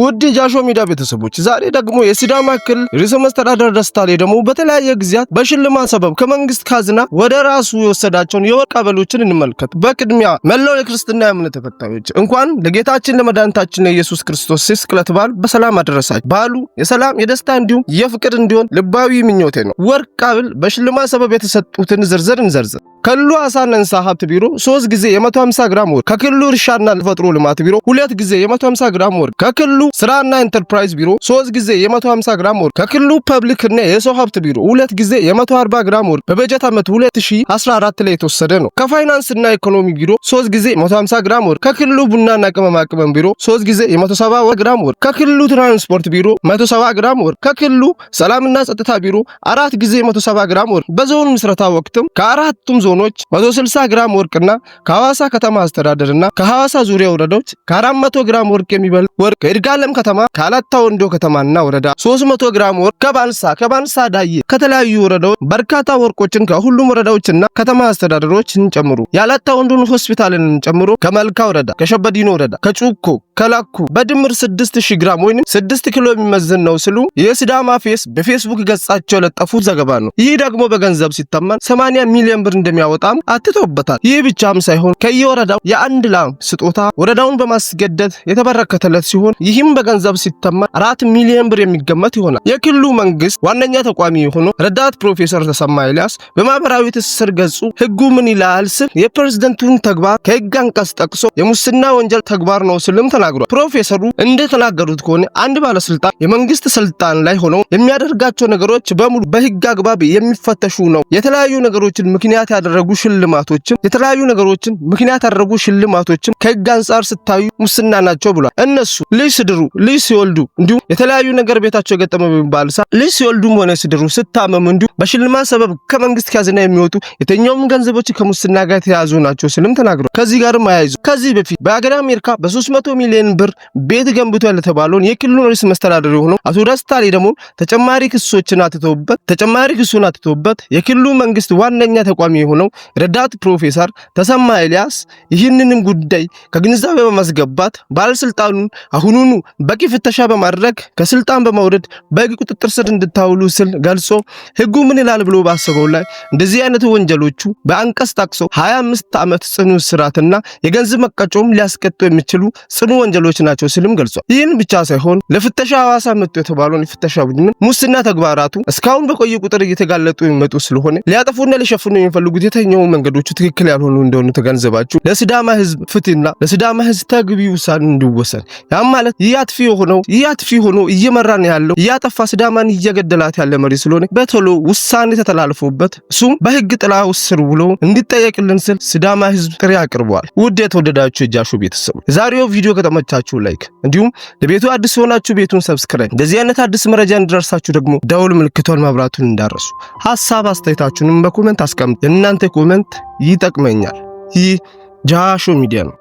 ውድ የጃሾ ሚዲያ ቤተሰቦች ዛሬ ደግሞ የሲዳማ ክልል ርዕሰ መስተዳደር ደስታ ሌዳሞ በተለያየ ጊዜያት በሽልማት ሰበብ ከመንግስት ካዝና ወደ ራሱ የወሰዳቸውን የወርቅ አበሎችን እንመልከት። በቅድሚያ መላው የክርስትና እምነት ተከታዮች እንኳን ለጌታችን ለመድኃኒታችን ለኢየሱስ ክርስቶስ የስቅለት በዓል በሰላም አደረሳችሁ። በዓሉ የሰላም የደስታ እንዲሁም የፍቅር እንዲሆን ልባዊ ምኞቴ ነው። ወርቅ አብል በሽልማት ሰበብ የተሰጡትን ዝርዝር እንዘርዝር። ከክልሉ አሳና እንስሳ ሀብት ቢሮ ሶስት ጊዜ የ150 ግራም ወርቅ፣ ከክልሉ እርሻና ተፈጥሮ ልማት ቢሮ ሁለት ጊዜ የ150 ግራም ወርቅ፣ ከክልሉ ስራና ኢንተርፕራይዝ ቢሮ ሶስት ጊዜ የ150 ግራም ወርቅ፣ ከክልሉ ፐብሊክ እና የሰው ሀብት ቢሮ ሁለት ጊዜ የ140 ግራም ወርቅ በበጀት ዓመት 2014 ላይ የተወሰደ ነው። ከፋይናንስ እና ኢኮኖሚ ቢሮ ሶስት ጊዜ 150 ግራም ወርቅ፣ ከክልሉ ቡናና ቅመማ ቅመም ቢሮ ሶስት ጊዜ የ170 ግራም ወርቅ፣ ከክልሉ ትራንስፖርት ቢሮ 170 ግራም ወርቅ፣ ከክልሉ ሰላምና ጸጥታ ቢሮ አራት ጊዜ 170 ግራም ወርቅ በዞን ምስረታ ወቅትም ከአራቱም ዞን ዞኖች 160 ግራም ወርቅና ከሐዋሳ ከተማ አስተዳደርና ከሐዋሳ ዙሪያ ወረዳዎች ከ400 ግራም ወርቅ የሚበልጥ ወርቅ ከይርጋለም ከተማ ከአላታ ወንዶ ከተማና ወረዳ 300 ግራም ወርቅ ከባንሳ ከባንሳ ዳዬ ከተለያዩ ወረዳዎች በርካታ ወርቆችን ከሁሉም ወረዳዎችና ከተማ አስተዳደሮችን ጨምሩ የአላታ ወንዶን ሆስፒታልን ጨምሮ ከመልካ ወረዳ ከሸበዲኖ ወረዳ ከጩኮ ከላኩ በድምር 6000 ግራም ወይም 6 ኪሎ የሚመዝን ነው ሲሉ የስዳማ ፌስ በፌስቡክ ገጻቸው ለጠፉት ዘገባ ነው። ይህ ደግሞ በገንዘብ ሲተመን 80 ሚሊዮን ብር እንደሚያ እንዲያወጣም አትቶበታል። ይህ ብቻም ሳይሆን ከየወረዳው የአንድ ላም ስጦታ ወረዳውን በማስገደድ የተበረከተለት ሲሆን ይህም በገንዘብ ሲተማ አራት ሚሊዮን ብር የሚገመት ይሆናል። የክልሉ መንግስት ዋነኛ ተቋሚ የሆነው ረዳት ፕሮፌሰር ተሰማ ኤልያስ በማህበራዊ ትስስር ገጹ ህጉ ምን ይላል ስል የፕሬዝደንቱን ተግባር ከህግ አንቀጽ ጠቅሶ የሙስና ወንጀል ተግባር ነው ስልም ተናግሯል። ፕሮፌሰሩ እንደተናገሩት ከሆነ አንድ ባለስልጣን የመንግስት ስልጣን ላይ ሆነው የሚያደርጋቸው ነገሮች በሙሉ በህግ አግባብ የሚፈተሹ ነው። የተለያዩ ነገሮችን ምክንያት ያደረጉ ሽልማቶችም የተለያዩ ነገሮችን ምክንያት ያደረጉ ሽልማቶችም ከህግ አንጻር ስታዩ ሙስና ናቸው ብሏል። እነሱ ልጅ ስድሩ፣ ልጅ ሲወልዱ፣ እንዲሁም የተለያዩ ነገር ቤታቸው የገጠመ በሚባል ሳ ልጅ ሲወልዱም ሆነ ስድሩ፣ ስታመም እንዲሁ በሽልማት ሰበብ ከመንግስት ካዝና የሚወጡ የትኛውም ገንዘቦች ከሙስና ጋር የተያዙ ናቸው ስልም ተናግረዋል። ከዚህ ጋር አያይዞ ከዚህ በፊት በሀገር አሜሪካ በ300 ሚሊዮን ብር ቤት ገንብቶ ያለተባለውን የክልሉን ርዕሰ መስተዳደር የሆነው አቶ ደስታ ደግሞ ተጨማሪ ክሶችን አትተውበት ተጨማሪ ክሱን አትተውበት የክልሉ መንግስት ዋነኛ ተቋሚ የሆነ የሆነው ረዳት ፕሮፌሰር ተሰማ ኤልያስ ይህንንም ጉዳይ ከግንዛቤ በማስገባት ባለስልጣኑን አሁኑኑ በቂ ፍተሻ በማድረግ ከስልጣን በማውረድ በህግ ቁጥጥር ስር እንድታውሉ ስል ገልጾ ህጉ ምን ይላል ብሎ ባሰበው ላይ እንደዚህ አይነት ወንጀሎቹ በአንቀጽ ጠቅሶ 25 ዓመት ጽኑ እስራትና የገንዘብ መቀጮም ሊያስቀጡ የሚችሉ ጽኑ ወንጀሎች ናቸው ሲልም ገልጿል። ይህን ብቻ ሳይሆን ለፍተሻ ሐዋሳ መጡ የተባለውን የፍተሻ ቡድን ሙስና ተግባራቱ እስካሁን በቆየ ቁጥር እየተጋለጡ የሚመጡ ስለሆነ ሊያጠፉና ሊሸፍኑ የሚፈልጉት የተኛው መንገዶቹ ትክክል ያልሆኑ እንደሆኑ ተገንዘባችሁ ለስዳማ ህዝብ ፍትህና ለስዳማ ህዝብ ተግቢ ውሳኔ እንዲወሰን ያም ማለት ይህ አጥፊ የሆነው ይህ አጥፊ ሆኖ እየመራን ያለው እያጠፋ ስዳማን እየገደላት ያለ መሪ ስለሆነ በቶሎ ውሳኔ ተተላልፎበት እሱም በህግ ጥላ ስር ውሎ እንዲጠየቅልን ስል ስዳማ ህዝብ ጥሪ አቅርበዋል። ውድ የተወደዳችሁ የጃሾ ቤተሰቦች የዛሬው ቪዲዮ ከተመቻችሁ ላይክ፣ እንዲሁም ለቤቱ አዲስ የሆናችሁ ቤቱን ሰብስክራይብ፣ እንደዚህ አይነት አዲስ መረጃ እንዲደርሳችሁ ደግሞ ደውል ምልክቷን መብራቱን እንዳረሱ ሀሳብ አስተያየታችሁንም በኮመንት አስቀምጡ። የእናንተ ኮመንት ይጠቅመኛል። ይህ ጃሾ ሚዲያ ነው።